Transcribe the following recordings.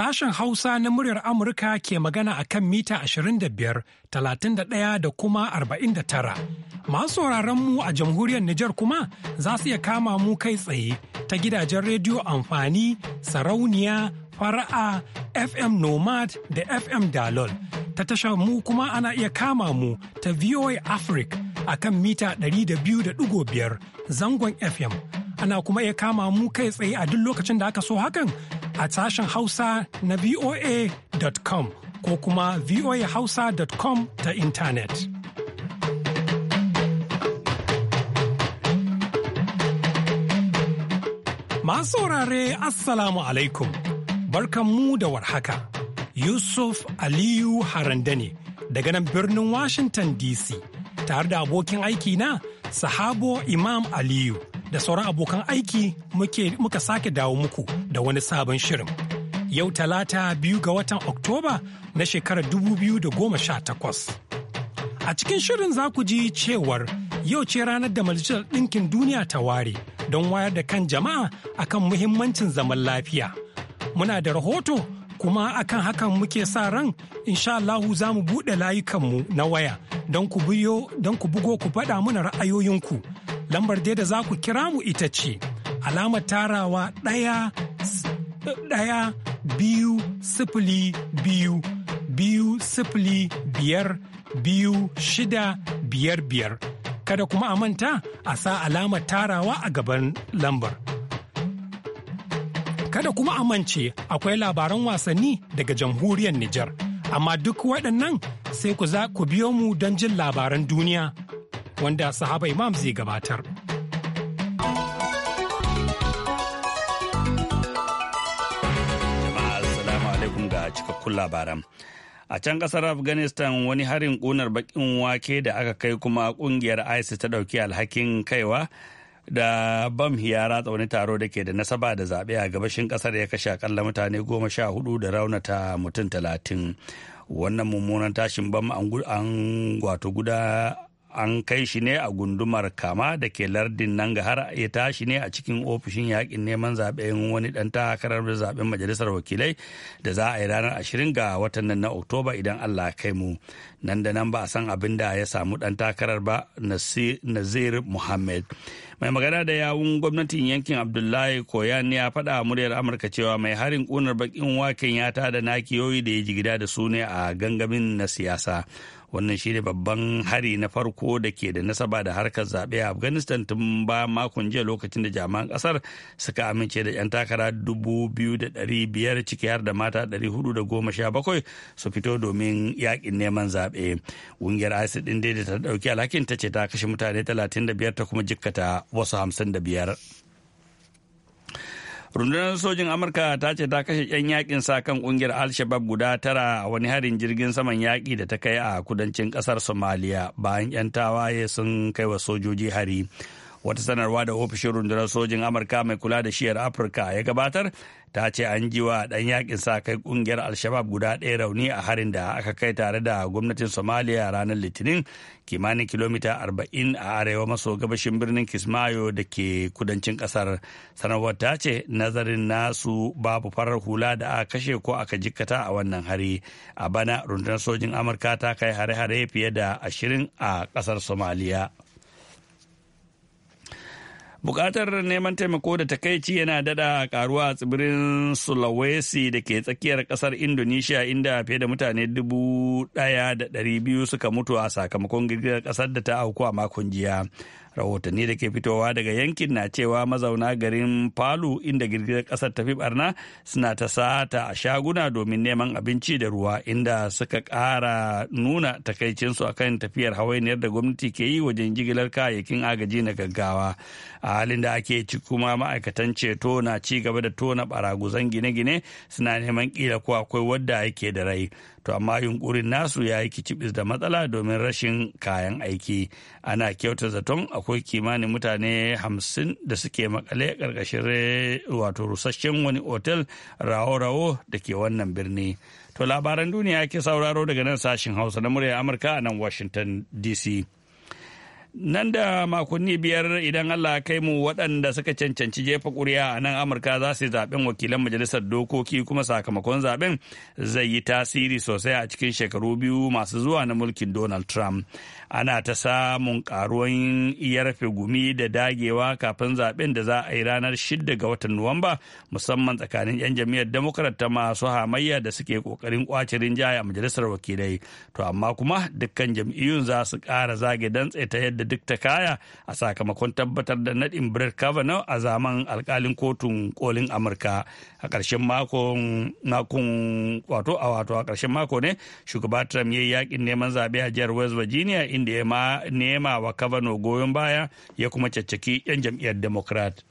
Sashen Hausa na muryar Amurka ke magana a kan mita 25, 31 da kuma 49. Masu mu a jamhuriyar Nijar kuma za su iya kama mu kai tsaye ta gidajen rediyo amfani, sarauniya, fara'a, FM Nomad da FM Dalol. Ta tashar mu kuma ana iya kama mu ta VOA Africa a kan mita 200.5 zangon FM. ana kuma iya kama mu kai tsaye a duk lokacin da aka so hakan a sashen hausa na voa.com ko kuma voahausa.com ta intanet. Masu saurare Assalamu alaikum, barkanmu da warhaka. Yusuf Aliyu Haranda ne daga nan birnin Washington DC tare da abokin aiki na Sahabo Imam Aliyu. da sauran abokan aiki muka sake dawo muku da wani sabon shirin. Yau talata biyu ga watan Oktoba na shekarar dubu biyu da goma sha takwas. A cikin shirin za ku ji cewar yau ce ranar da Majalisar Ɗinkin Duniya ta ware don wayar da kan jama'a akan muhimmancin zaman lafiya. Muna da rahoto kuma akan hakan muke sa ran insha Allah za mu buɗe layukanmu na waya don ku bugo ku faɗa mana ra'ayoyinku Lambar dai da za ku kira mu ita ce alamar tarawa ɗaya ɗaya biyu sifili biyu biyu sifili biyar biyu shida biyar biyar. Kada kuma a manta a sa alamar tarawa a gaban lambar. Kada kuma a mance akwai labaran wasanni daga jamhuriyar Nijar, amma duk waɗannan sai ku biyo mu don jin labaran duniya wanda sahaba imam zai gabatar. Jama'a assalamu alaikum ga cikakkun labaran. A can kasar Afghanistan wani harin ƙunar bakin wake da aka kai kuma ƙungiyar ISIS ta ɗauki alhakin kaiwa da bam hiyara tsaunin taro da ke da nasaba da zaɓe a gabashin ƙasar ya kashe akalla mutane goma sha hudu da raunata mutum talatin wannan mummunan tashin bam an wato guda an kai shi ne a gundumar kama da ke lardin nan ga har ya tashi ne a cikin ofishin yakin neman zaben wani dan takarar zaben majalisar wakilai da za a yi ranar ashirin ga watan nan na oktoba idan allah kai mu nan da nan ba a san abin da ya samu dan takarar ba nazir muhammad mai magana da yawun gwamnatin yankin abdullahi koyan ya faɗa muryar amurka cewa mai harin ƙunar bakin waken ya tada nakiyoyi da ya ji gida da su ne a gangamin na siyasa wannan shi ne babban hari na farko da ke da nasaba da harkar zaɓe a afghanistan tun ba makon jiya lokacin da jami'an kasar suka amince da 'yan takara biyar ciki har da mata bakwai su fito domin yakin neman zaɓe ƙungiyar isis ɗin dai da ta ɗauki alhakin ta ce ta kashe mutane talatin da biyar ta kuma jikkata wasu hamsin da biyar. rundunar sojin amurka ta ce ta kashe 'yan yakin sa kan kungiyar al-shabab guda tara a wani harin jirgin saman yaƙi da ta kai a kudancin ƙasar somaliya bayan 'yan tawaye sun kai wa sojoji hari wata sanarwa da ofishin rundunar sojin amurka mai kula da shiyar afirka ya gabatar ta ce an ji wa ɗan yakin sa kai ƙungiyar alshabab guda ɗaya rauni a harin da aka kai tare da gwamnatin somaliya ranar litinin kimanin kilomita 40 a arewa maso gabashin birnin kismayo da ke kudancin ƙasar sanarwar ta ce nazarin nasu babu farar hula da aka kashe ko aka jikkata a wannan hari a bana rundunar sojin amurka ta kai hare-hare fiye da 20 a ƙasar somaliya. Bukatar neman taimako da takaici yana dada karuwa a tsibirin Sulawesi da ke tsakiyar kasar Indonesia inda fiye da mutane dubu daya da dari biyu suka mutu a sakamakon girgizar ƙasar da ta auku a makon jiya. rahotanni da ke fitowa daga yankin na cewa mazauna garin palu inda girgizar kasar tafi barna suna ta sata a shaguna domin neman abinci da ruwa inda suka ƙara nuna takaicinsu a kan tafiyar hawainiyar da gwamnati ke yi wajen jigilar kayayyakin agaji na gaggawa a halin da ake ci kuma ma'aikatan ceto na ci gaba da tona baraguzan gine-gine suna neman kila ko akwai wadda yake da rai to amma yunkurin nasu ya yi kicibis da matsala domin rashin kayan aiki ana kyauta zaton akwai kimanin mutane hamsin da suke makale karkashin wato rusasshen wani otel rawo-rawo da ke wannan birni to labaran duniya ke sauraro daga nan sashin hausa na murya amurka a nan washington dc nan da makonni biyar idan Allah kai mu waɗanda suka cancanci jefa ƙuri'a a nan Amurka za su yi zaɓen wakilan majalisar dokoki kuma sakamakon zaɓen zai yi tasiri sosai a cikin shekaru biyu masu zuwa na mulkin Donald Trump. ana ta samun karuwan iyarfe gumi da dagewa kafin zaben da za a yi ranar 6 ga watan nuwamba musamman tsakanin 'yan jam'iyyar democrat ta masu hamayya da suke kokarin kwace rinjaye a majalisar wakilai to amma kuma dukkan jam'iyyun za su kara zage dantse ta yadda duk ta kaya a sakamakon tabbatar da nadin brett kavanaugh a zaman alkalin kotun kolin amurka a ƙarshen makon wato a wato a ƙarshen mako ne shugaba trump ya yi yakin neman zaɓe a jihar west virginia inda ya nema wa kavanaugh goyon baya ya kuma caccaki 'yan jam'iyyar democrat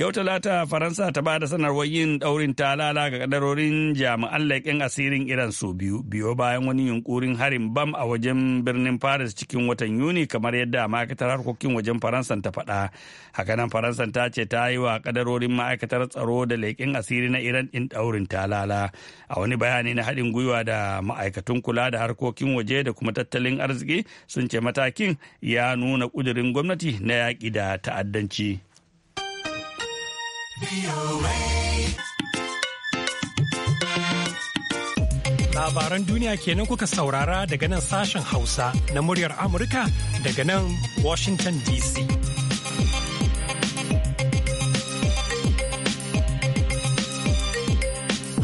Yau talata Faransa ta ba da sanarwar yin daurin talala ga kadarorin jami'an laƙin asirin Iran su biyu biyo bayan wani yunkurin harin bam a wajen birnin Paris cikin watan Yuni kamar yadda ma'aikatar harkokin wajen Faransa ta faɗa. Hakanan Faransa ta ce ta yi wa kadarorin ma'aikatar tsaro da laƙin asiri na Iran din daurin talala. A wani bayani na haɗin gwiwa da ma'aikatun kula da harkokin waje da kuma tattalin arziki sun ce matakin ya nuna ƙudurin gwamnati na yaƙi da ta'addanci. Labaran duniya kenan kuka saurara daga nan sashen Hausa na muryar Amurka daga nan Washington DC.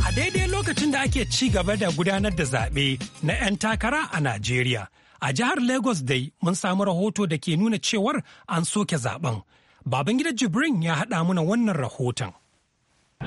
A daidai lokacin da ake ci gaba da gudanar da zaɓe na 'yan takara a Najeriya. A jihar Lagos dai mun samu rahoto da ke nuna cewar an soke zaben Babangida Jibrin ya haɗa muna wannan rahoton.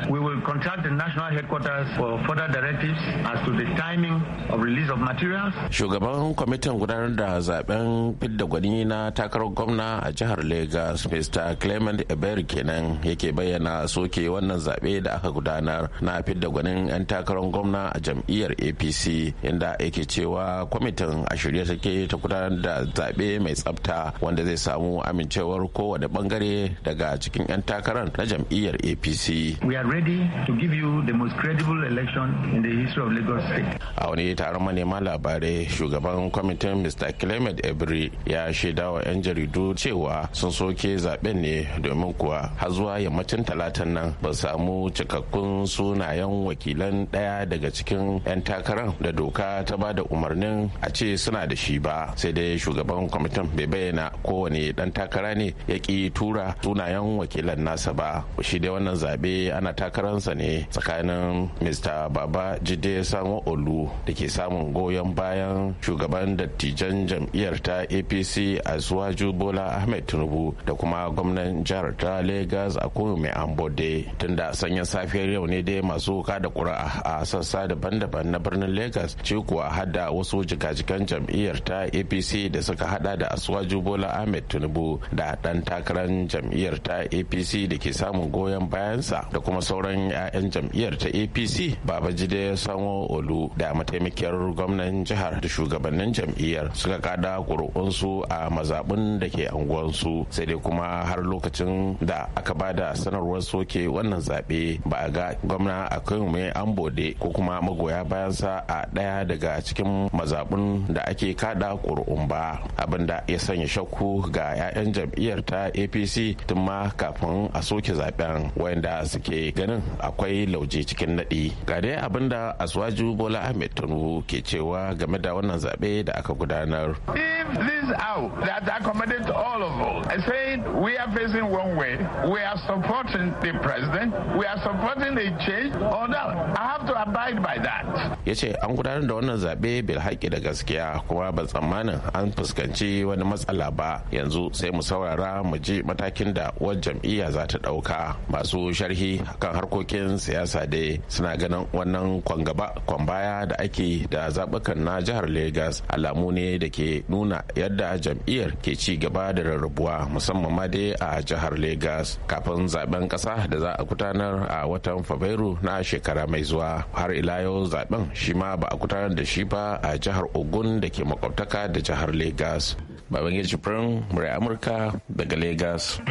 We will contact the national headquarters for further directives as to the timing of release of materials. Shugaban kwamitin gudanar da zaben fidda gwani na takarar gwamna a jihar Lagos, Mr. Clement Eber kenan yake bayyana soke wannan zabe da aka gudanar na fidda gwanin 'yan takarar gwamna a jam'iyyar APC inda yake cewa kwamitin a shirye take ta gudanar da zabe mai tsafta wanda zai samu amincewar kowane bangare daga cikin 'yan takarar na jam'iyyar APC. We are ready to give you the most credible election in the history of Lagos state. A wani taron manema labarai shugaban kwamitin Mr. Clement Ebri ya shaida wa 'yan jaridu cewa sun soke zaben ne domin kuwa har zuwa yammacin talatan nan ba samu cikakkun sunayen wakilan daya daga cikin 'yan takarar da doka ta ba da umarnin a ce suna da shi ba sai dai shugaban kwamitin bai bayyana kowane dan takara ne ya ki tura sunayen wakilan nasa ba shi dai wannan zabe ana da takararsa ne tsakanin mr baba jide samo olu da ke samun goyon bayan shugaban dattijan jam'iyyar ta apc azuwaju bola ahmed tinubu da kuma gwamnan jihar ta lagos a mai ambode tunda sanyin safiyar yau ne dai masu wuka da kura'a a sassa daban-daban na birnin Legas ce kuwa hada wasu jikajikan jam'iyyar ta apc da suka hada da asuwaju bola ahmed tinubu da dan takarar jam'iyyar ta apc da ke samun goyon bayansa da kuma sauran 'ya'yan jam'iyyar ta apc babajide sanwo olu da mataimakiyar gwamnan jihar da shugabannin jam'iyyar suka kada ƙuri'unsu a mazaɓin da ke anguwansu sai dai kuma har lokacin da aka ba da sanarwar soke wannan zaɓe ba a ga gwamna mu mai ambode ko kuma magoya bayan sa a ɗaya daga cikin mazaɓin da ake kada ƙuri'un ba abinda ya sanya shakku ga 'ya'yan jam'iyyar ta apc tun ma kafin a soke zaɓen wayanda suke ganin akwai lauje cikin naɗi ga dai abin da aswaju bola ahmed tinubu ke cewa game da wannan zaɓe da aka gudanar this out that accommodate all of we are facing president we are supporting change or not to abide by that ya ce an gudanar da wannan zaɓe bil haƙi da gaskiya kuma ba tsammanin an fuskanci wani matsala ba yanzu sai mu saurara mu ji matakin da wajen jam'iyya za ta ɗauka masu sharhi kan harkokin siyasa dai suna ganin wannan kwangaba kwambaya da ake da zaɓukan na jihar Legas alamu ne da ke nuna yadda jam'iyyar ke ci gaba da rarrabuwa musamman ma dai a jihar Legas kafin zaben ƙasa da za a gudanar a watan Fabrairu na shekara mai zuwa har ila yau zaben shi ma ba a gudanar da shi ba a jihar Ogun da ke makwabtaka da jihar Legas. Babangida Jibrin, Murai Amurka daga Legas.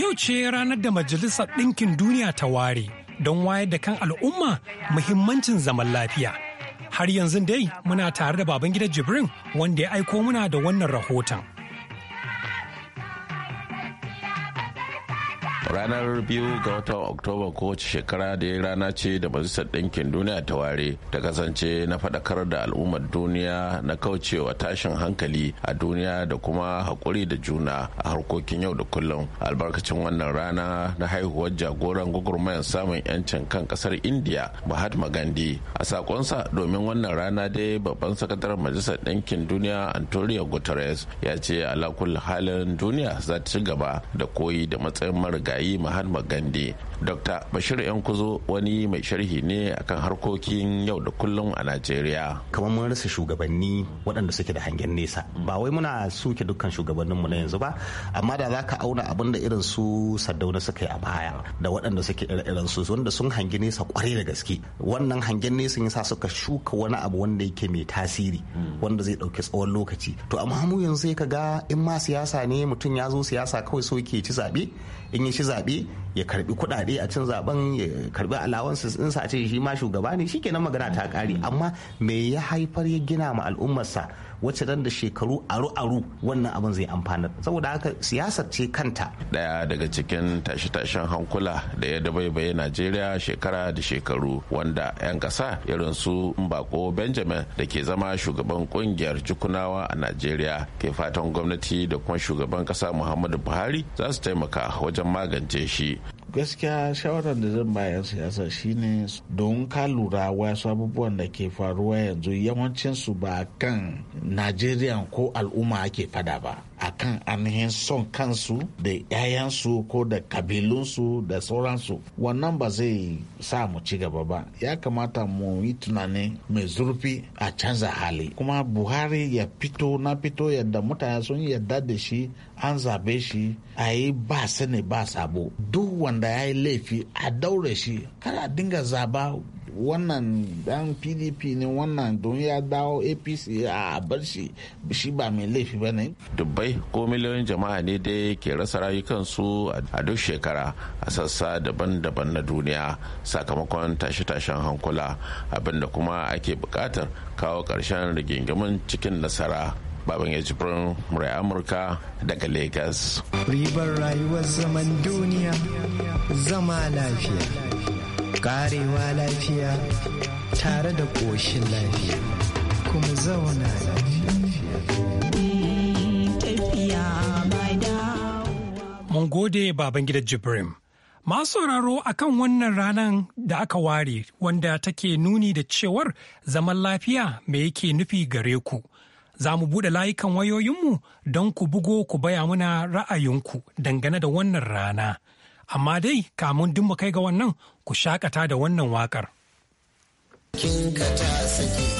Yau ce ranar da Majalisar Ɗinkin Duniya ta ware don wayar da kan al'umma muhimmancin zaman lafiya. Har yanzu dai muna tare da Babangida Jibrin wanda ya aiko muna da wannan rahoton. ranar biyu ga watan oktoba kowace shekara da ya rana ce da majalisar ɗinkin duniya ta ware ta kasance na faɗakar da al'ummar duniya na kaucewa tashin hankali a duniya da kuma haƙuri da juna a harkokin yau da kullum albarkacin wannan rana na haihuwar jagoran gwagwarmayar samun 'yancin kan ƙasar indiya mahatma gandhi a sakonsa domin wannan rana dai babban sakataren majalisar ɗinkin duniya antonio guterres ya ce alakul halin duniya za ta ci gaba da koyi da matsayin marigayi marigayi mahatma gandhi dr bashir yankuzo wani mai sharhi ne akan harkokin yau da kullum a najeriya kamar mun rasa shugabanni waɗanda suke da hangen nesa ba wai muna suke dukkan shugabanninmu na yanzu ba amma da za ka auna abin da irin su saddauna suka yi a baya da waɗanda suke irin su wanda sun hangi nesa kwarai da gaske wannan hangen nesa yasa suka shuka wani abu wanda yake mai tasiri wanda zai ɗauki tsawon lokaci to amma mu yanzu sai ka ga in ma siyasa ne mutum ya zo siyasa kawai so yake ci zaɓe in ya ci zaɓe ya karbi kuɗaɗe a cin zaben ya karbi alawansu in sa shi ma shugaba ne shikenan magana ta kare amma me ya haifar ya gina ma al'ummarsa wacce dan da shekaru aru-aru wannan abin zai amfanar saboda haka siyasar ce kanta daya daga cikin tashe-tashen hankula da ya dabaibaye najeriya shekara da shekaru wanda 'yan kasa irin su bako benjamin da ke zama shugaban kungiyar jukunawa a najeriya ke fatan gwamnati da kuma shugaban kasa muhammadu buhari za su taimaka wajen magance shi gaskiya shawarar da zan ba 'yan siyasa shine don ka lura wasu abubuwan da ke faruwa yanzu yawancin su ba kan najeriya ko al'umma ake fada ba a kan ainihin son kansu da 'ya'yansu ko da kabilunsu da sauransu wannan ba zai sa mu ci gaba ba ya kamata mu yi tunani mai zurfi a canza hali kuma buhari ya fito na fito yadda mutane sun yadda da shi an zabe shi a yi ba sani ba sabo duk wanda ya yi laifi a daure shi kada dinga zaba wannan dan pdp ne wannan don ya dawo apc a bar shi shi ba mai laifi ba ne dubbai ko miliyoyin jama'a ne dai ke rasa rayukansu a duk shekara a sassa daban-daban na duniya sakamakon tashe-tashen hankula abinda kuma ake bukatar kawo ƙarshen rigingimin cikin nasara baban ya jibrin murai amurka daga lagos ribar rayuwar zaman duniya zama lafiya karewa lafiya tare da ƙoshin lafiya kuma zauna lafiya. Mun gode Babangida Jibrim. Masu sauraro a kan wannan ranar da aka ware wanda take nuni da cewar zaman lafiya me yake nufi gare ku. Za mu buɗe layukan wayoyinmu don ku bugo ku baya muna ra'ayinku dangane da wannan rana. amma dai kamun duk mu kai ga wannan ku shakata da wannan waƙar. Kin ka ta sake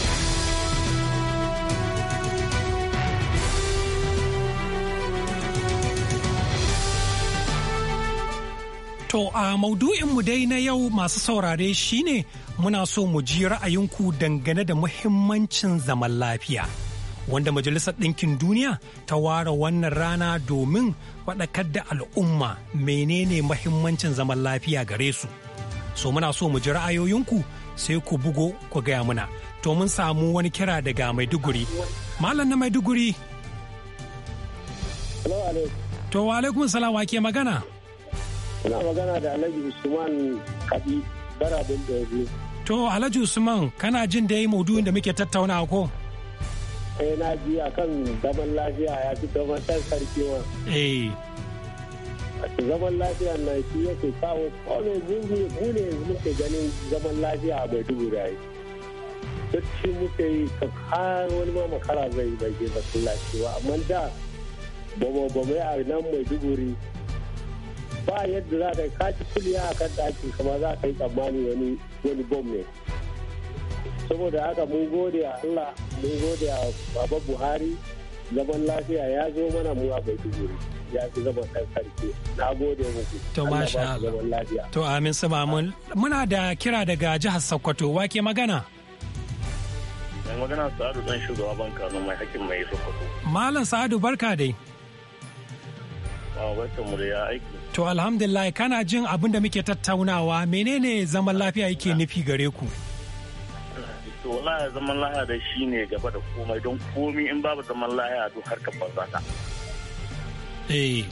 To a maudu'inmu dai na yau masu saurare shine muna so mu ji ra'ayinku dangane da muhimmancin zaman lafiya. Wanda Majalisar Ɗinkin Duniya ta ware wannan rana domin faɗakar da al'umma menene mahimmancin zaman lafiya gare su. So muna so mu ji ra'ayoyinku sai ku bugo ku gaya muna. To mun samu wani kira daga Maiduguri. Malam na Maiduguri. To wa alaikun salawa ke magana? Kuna magana da Alhaji Usman Kabi bara Dobe. To Alhaji Usman kana jin da ya yi maudu'in da muke tattaunawa ko? Eh na ji a kan zaman lafiya ya fi zama san sarkewa. Eh. zaman lafiya na shi yake kawo kone gungu mu ne muke ganin zaman lafiya a dubu ai duk shi muke yi ka har wani ma makara zai bai ke masallaci lafiya. amma da ba mu yi nan a nan maiduguri ba yadda za ka kaci kuliya a kan ɗakin kamar za ka yi tsammani wani wani bom ne saboda haka mun gode a Allah mun gode a Baba Buhari zaman lafiya ya zo mana mu a Maiduguri ya fi zaman kan sarki na gode muku to masha Allah to amin sama mun muna da kira daga jihar Sokoto wake magana Dan magana Sa'adu dan shugaba banka mai hakkin mai Sokoto Malam Sa'adu barka dai Ah barkan mu aiki To alhamdulillah kana jin abin da muke tattaunawa menene zaman lafiya yake nufi gare ku? To wallahi zaman lafiya da shi ne gaba da komai don komi in babu zaman lafiya to ka banza ta. Eh.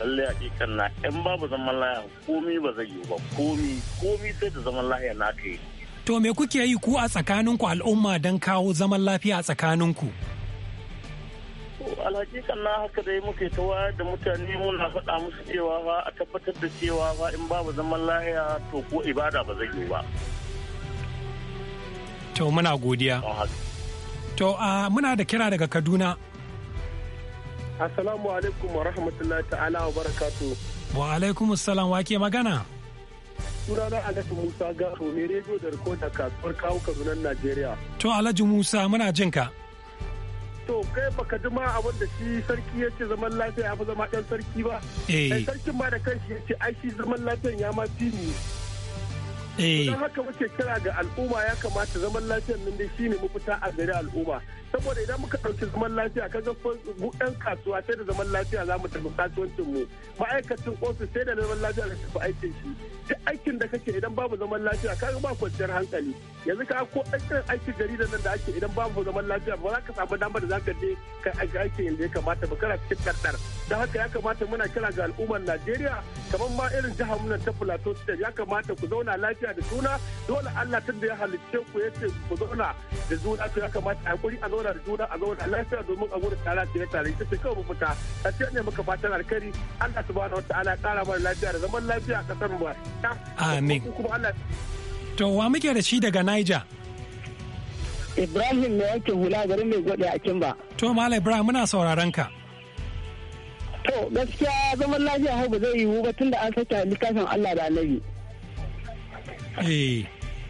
Lalle kan na in babu zaman lafiya komi ba zai yiwu ba komi komi sai da zaman lafiya na kai. To me kuke yi ku a tsakaninku al'umma don kawo zaman lafiya a tsakaninku? ku? alhakikan na haka dai muke ta wayar da mutane muna faɗa musu cewa ba a tabbatar da cewa ba in babu zaman lahiya to ko ibada ba zai yi ba. To muna godiya. To muna da kira daga Kaduna. Assalamu alaikum wa rahmatullahi ta'ala wa barakatu. Wa alaikum assalam wa ke magana? Sunana Alhaji Musa Garo ne rediyo da rikoda kasuwar kawo Kaduna Najeriya. To Alhaji Musa muna jinka. ka. to kai baka ji ma abin da shi sarki ya ce zaman lafiya ya fi zama ɗan sarki ba. Eh. Sarkin ma da kanshi ya ce ai shi zaman lafiyan ya ma fi ne. Eh. don haka muke kira ga al'umma ya kamata zaman lafiyar nan dai shine mafita a gari al'umma saboda idan muka ɗauki zaman lafiya kaga yan kasuwa sai da zaman lafiya za mu tafi kasuwancin mu ma'aikacin ofis sai da zaman lafiya da tafi aikin shi duk aikin da kake idan babu zaman lafiya ga ba kwanciyar hankali yanzu ka ko ɗan aikin jarida nan da ake idan babu zaman lafiya ba za ka samu damar da za ka je ka aikin yadda ya kamata ba kana cikin kaddar don haka ya kamata muna kira ga al'ummar Najeriya kamar ma irin jihar na ta Plateau State ya kamata ku zauna lafiya lafiya da juna dole Allah tun da ya halicce ku ya ce ku zauna da juna to ya kamata a hakuri a zauna da juna a zauna lafiya domin a gudu tare ya tare ita ce kawai mafita a ce ne muka fatan alkari Allah subhanahu wataala ya kara mana lafiya da zaman lafiya a kasar mu amin to wa muke da shi daga Niger Ibrahim ne yake hula garin mai gode a Kimba to Malam Ibrahim muna sauraron ka To gaskiya zaman lafiya hau ba zai yiwu ba tunda an saka likafin Allah da Annabi. Eh.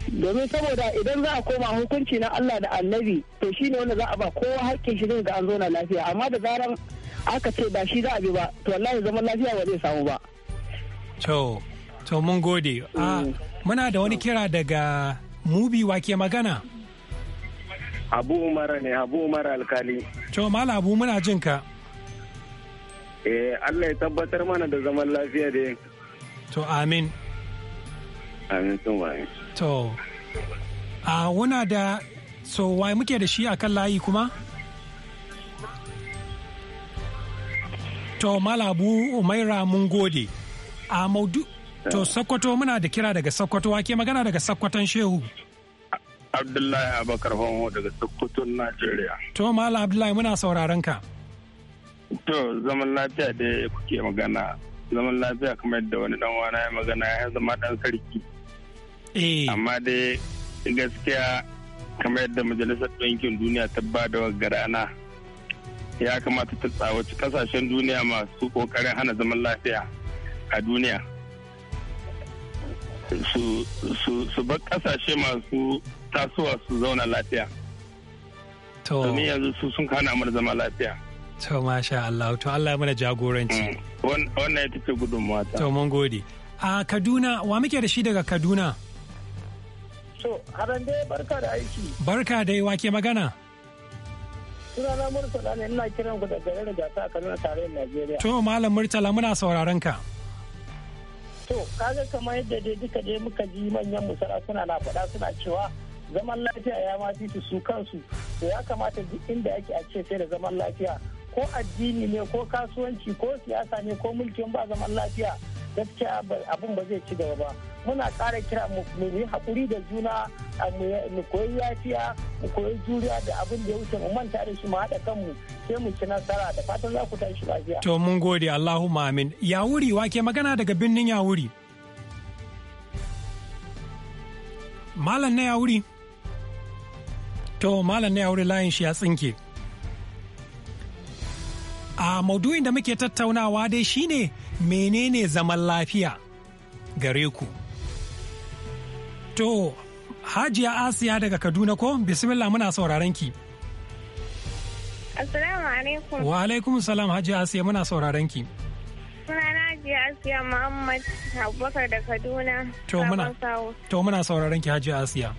domin saboda idan za a koma hukunci na Allah da annabi to shi ne wanda za a ba kowa haƙƙin shi ga an zauna lafiya amma da zaran aka ce ba shi za a bi ba to wallahi zaman lafiya ba zai samu ba. To, to mun gode. Ah, mm. Muna da wani kira daga mubi wake magana. Abu Umar ne, Abu Umar alkali. To, Mala Abu muna jin ka. Eh, Allah ya tabbatar mana da zaman lafiya da To, amin. To, a wuna da so wai muke da shi akan layi kuma? To, Malabu Umaira mun gode. A maudu, to Sokoto muna da kira daga Sokoto, wake magana daga Sokoton Shehu. Abdullahi Abakar Homo daga Sokoton Najeriya. To Mala Abdullahi muna sauraron ka. To zaman lafiya da kuke magana. Zaman lafiya kamar yadda wani dan wana ya magana ya zama dan sarki. Eh. amma dai gaskiya kamar yadda majalisar ɗinkin duniya ta ba da ana ya kamata ta tsawaci kasashen duniya masu ƙoƙarin hana zaman lafiya a duniya su bar kasashe masu tasowa su zauna lafiya domin yanzu su sun hana mana zama lafiya to masha Allah to Allah mana jagoranci mm. wannan ya tafi gudunmuwa ta to mun gode a Kaduna wa muke da shi daga Kaduna To, haran dai barka da aiki. Barka dai wake magana. Sunana Murtala ne ina kiran ku da garin gasa a Kaduna tarayyar Najeriya. To, Malam Murtala muna sauraron ka. To, kaga kamar yadda dai duka dai muka ji manyan musara suna na faɗa suna cewa zaman lafiya ya ma fi su kansu. To, ya kamata duk inda yake a ce sai da zaman lafiya. Ko addini ne, ko kasuwanci, ko siyasa ne, ko mulkin ba zaman lafiya. gaskiya abin ba zai ci gaba ba muna kara kira mu yi haƙuri da juna mu koyi yafiya mu koyi juriya da abin da ya wuce mu manta da shi mu haɗa kanmu sai mu ci nasara da fatan za ku tashi lafiya. To mun gode Allahumma amin. Yawuri wake magana daga birnin Yawuri. Malam na Yawuri. To malam na Yawuri layin shi ya tsinke. A maudu'in da muke tattaunawa dai shine menene zaman lafiya gare ku to hajiya asiya daga kaduna ko bismillah muna sauraron ki assalamu alaikum wa alaikum salam hajiya asiya muna sauraron ki sunana hajiya asiya muhammad abubakar da kaduna to muna to muna sauraron ki hajiya asiya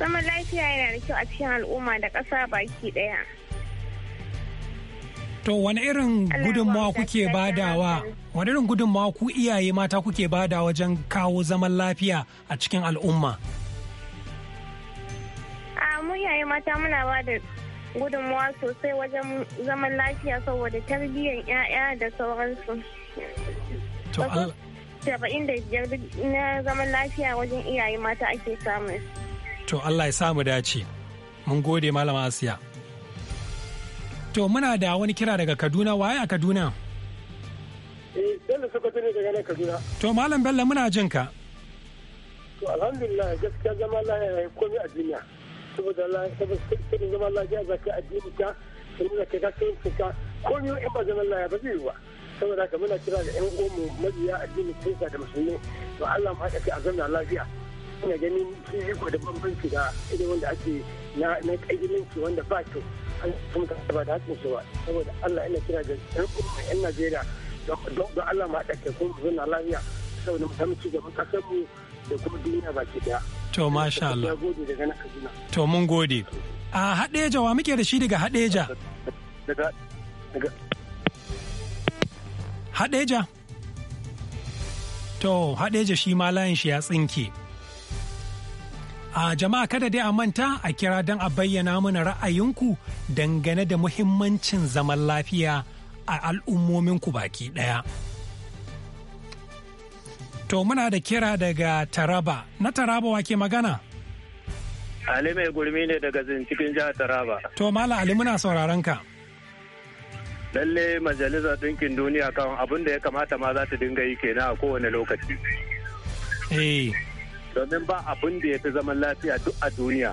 zaman lafiya yana da kyau a cikin al'umma da ƙasa baki ɗaya To wani irin gudunmawa kuke badawa wani irin gudunmawa ku iyaye mata kuke bada wajen kawo zaman lafiya a cikin al'umma? A mu iyaye mata muna ba da gudunmawa sosai wajen zaman lafiya saboda tarbiyyar 'ya'ya da sauransu. To da na zaman lafiya wajen iyaye mata ake samun. To Allah ya samu dace. Mun gode Malama Asiya. To muna da wani kira daga Kaduna waye a Kaduna? Eh, ne To Malam Bello muna jin ka. To alhamdulillah gaskiya zama lafiya ya komi a duniya. Saboda saboda zama lafiya zaka a addini ka saboda ka ka ka komi in ba zaman lafiya ba zai yi Saboda ka muna kira da ƴan uwanmu mabiya addini sa da Musulmi to Allah ma ake a zauna lafiya. Ina ganin fifiko da bambanci da irin wanda ake na ƙa'idanci wanda ba kyau. an ba da saboda Allah kira ga Najeriya don Allah ma To masha Allah. To mun gode. A haɗeja wa muke da shi daga haɗeja? Daga To haɗeja shi ma layin shi ya tsinke. A jama'a kada dai a manta a kira don a bayyana mana ra'ayinku dangane da muhimmancin zaman lafiya a al'ummominku baki ɗaya. To muna da kira daga Taraba, na Taraba wake magana? Ali mai gurmi ne daga cikin jihar Taraba. To Mala Ali muna sauraron ka. Lalle majalisar ɗinkin duniya kan abin da ya kamata ma za ta dinga yi kenan a kowane lokaci. Eh. domin ba abin da ya fi zaman lafiya duk a duniya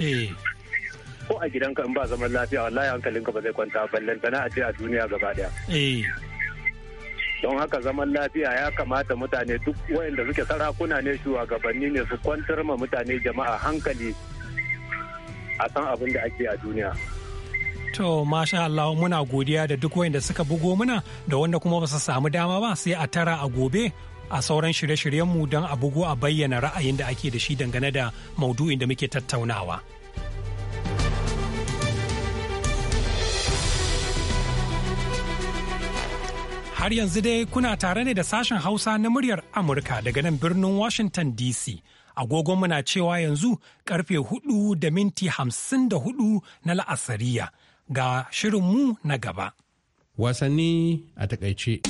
eh. ko a gidanka in ba zaman lafiya wallahi hankalinka ba zai kwanta ballantana a ce a duniya gaba daya eh. don haka zaman lafiya ya kamata mutane duk wayanda suke sarakuna ne shugabanni ne su kwantar ma mutane jama'a hankali a san abin da ake a duniya To masha Allah muna godiya da duk wayanda suka bugo muna da wanda kuma ba su samu dama ba sai a tara a gobe a sauran shirye-shiryenmu don a bugu a bayyana ra'ayin da ake da shi dangane da maudu'in da muke tattaunawa. Har yanzu dai kuna tare ne da sashen Hausa na muryar Amurka daga nan birnin Washington DC. Agogonmu na cewa yanzu karfe hudu da minti hamsin da hudu na la'asariya ga shirinmu na gaba. Wasanni a takaice.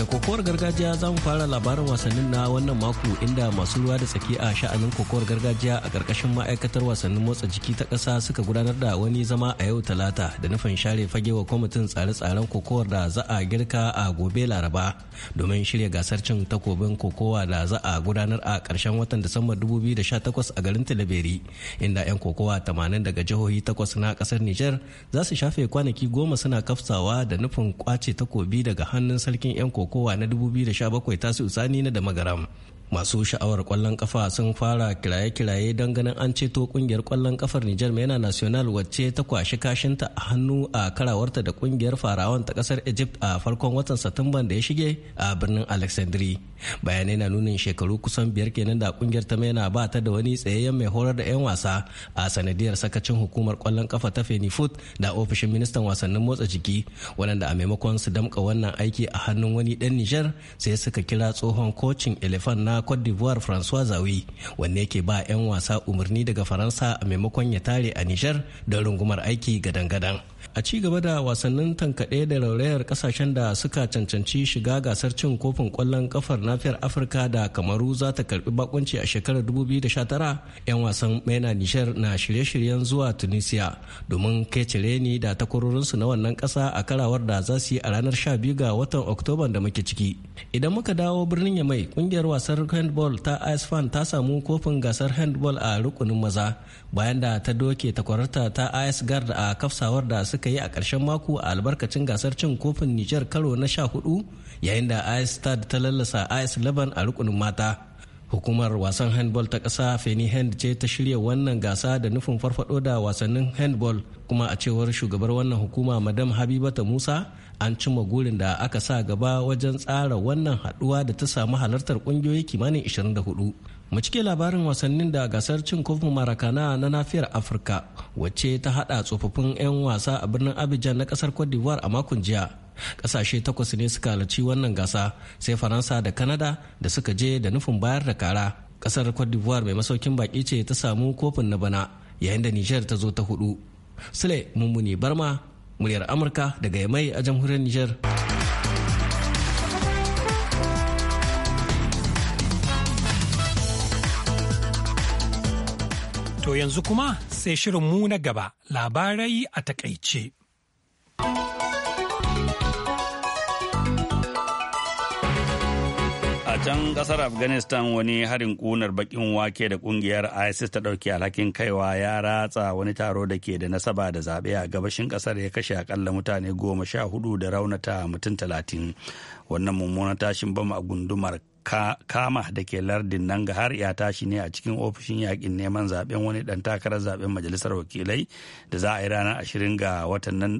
Da kokowar gargajiya za mu fara labarin wasannin na wannan mako inda masu ruwa da tsaki a sha'anin kokowar gargajiya a ƙarƙashin ma'aikatar wasannin motsa jiki ta ƙasa suka gudanar da wani zama a yau talata da nufin share fagewa kwamitin tsare-tsaren kokowar da za a girka a gobe laraba domin shirya gasar cin takobin kokowa da za a gudanar a ƙarshen watan Disamba 2018 a garin talabiri inda 'yan kokowa 80 daga jihohi takwas na kasar Nijar za su shafe kwanaki goma suna kafsawa da nufin kwace takobi daga hannun sarkin 'yan kokowa kowa na 2017 tasu sani na da magaram masu sha'awar kwallon kafa sun fara kiraye-kiraye don ganin an ceto kungiyar kwallon kafar Nijar Mena National wacce ta kwashi kashinta a hannu a karawarta da kungiyar farawan ta kasar Egypt a farkon watan Satumban da ya shige a birnin Alexandri. Bayanai na nunin shekaru kusan biyar kenan da kungiyar ta Mena ba ta da wani tsayayyen mai horar da 'yan wasa a sanadiyar sakacin hukumar kwallon kafa ta Fenifut da ofishin ministan wasannin motsa jiki wadanda a maimakon su damka wannan aiki a hannun wani dan Nijar sai suka kira tsohon kocin elefant na Côte d'Ivoire François Zawi wanne yake ba 'yan wasa umarni daga Faransa a maimakon ya tare a Nijar don rungumar aiki gadan-gadan. a ci gaba da wasannin tankaɗe da raurayar kasashen da suka cancanci shiga gasar cin kofin ƙwallon kafar nafiyar afirka da kamaru za ta karbi bakunci a shekarar 2019 'yan wasan maina nishar na shirye-shiryen zuwa tunisia domin kai cire da takwarorinsu na wannan ƙasa a karawar da za su yi a ranar 12 ga watan Oktoba da muke ciki idan muka dawo birnin yamai ƙungiyar wasar handball ta ice fan ta samu kofin gasar handball a rukunin maza bayan da ta doke takwararta ta AS Guard a kafsawar da suka yi a ƙarshen mako a albarkacin gasar cin kofin Nijar karo na hudu yayin da AS Stad ta lallasa AS Laban a rukunin mata. Hukumar wasan handball ta ƙasa Feni Hand ce ta shirya wannan gasa da nufin farfado da wasannin handball kuma a cewar shugabar wannan hukuma Madam Habibata Musa an cimma gurin da aka sa gaba wajen tsara wannan haduwa da ta samu halartar ƙungiyoyi kimanin 24. mu cike labarin wasannin da gasar cin kofin marakana na nafiyar afirka wacce ta hada tsofaffin 'yan wasa a birnin abidjan na kasar cote d'ivoire a makon jiya kasashe takwas ne suka halarci wannan gasa sai faransa da kanada da suka je da nufin bayar da kara kasar cote d'ivoire mai masaukin baki ce ta samu kofin na bana yayin da nijar ta zo ta hudu sule mummuni barma muryar amurka daga yamai a jamhuriyar nijar yanzu kuma sai shirin mu na gaba labarai a takaice. A can kasar Afghanistan wani harin kunar bakin wake da kungiyar ISIS ta ɗauki alhakin kaiwa ya ratsa wani taro da ke da nasaba da zaɓe a gabashin ƙasar ya kashe akalla mutane goma sha hudu da raunata mutum talatin. Wannan mummunan tashin bama a gundumar kama da ke lardin nan ga har ya tashi ne a cikin ofishin yakin neman zaben wani dan takarar zaben majalisar wakilai da za a yi ranar ashirin ga watan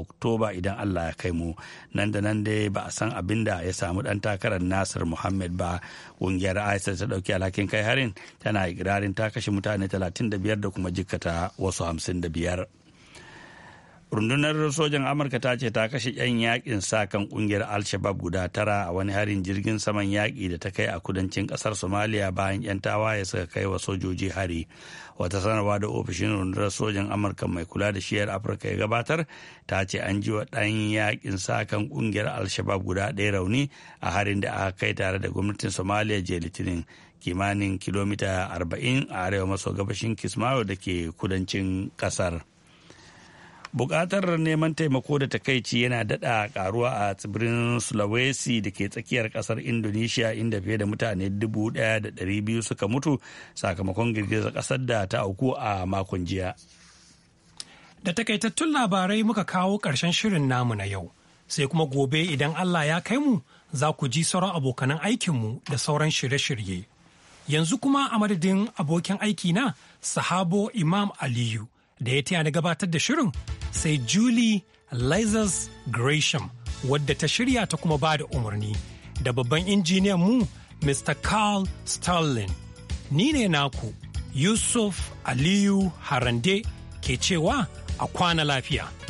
oktoba idan allah ya kai mu nan da nan dai ba a san abin da ya samu dan takarar nasir muhammad ba ƙungiyar isis ta dauki alhakin kai harin tana ikirarin ta kashe mutane 35 da kuma jikkata wasu 55 rundunar sojan amurka ta ce ta kashe 'yan yakin sa kan kungiyar al-shabab guda tara a wani harin jirgin saman yaƙi da ta kai a kudancin ƙasar somaliya bayan 'yan tawaye suka kai wa sojoji hari wata sanarwa da ofishin rundunar sojan amurka mai kula da shiyar afirka ya gabatar ta ce an ji wa ɗan yakin sa kan kungiyar al-shabab guda ɗaya rauni a harin da aka kai tare da gwamnatin somaliya jiya litinin kimanin kilomita 40 a arewa maso gabashin kismayo da ke kudancin ƙasar. bukatar neman taimako da takaici yana dada karuwa a tsibirin sulawesi da ke tsakiyar kasar indonesia inda fiye da mutane 1,200 suka mutu sakamakon girgizar kasar da ta auku a makon jiya da takaitattun labarai muka kawo karshen shirin namu na yau sai kuma gobe idan allah ya kai mu za ku ji sauran abokanan aikinmu da sauran shirye-shirye yanzu kuma a madadin abokin aiki na sahabo imam aliyu da ya taya na gabatar da shirin sai Julie Lizards Gresham wadda ta shirya ta kuma ba da umarni da babban injiniyan mu Mr. Carl sterling Ni ne naku Yusuf Aliyu Harande ke cewa a kwana lafiya.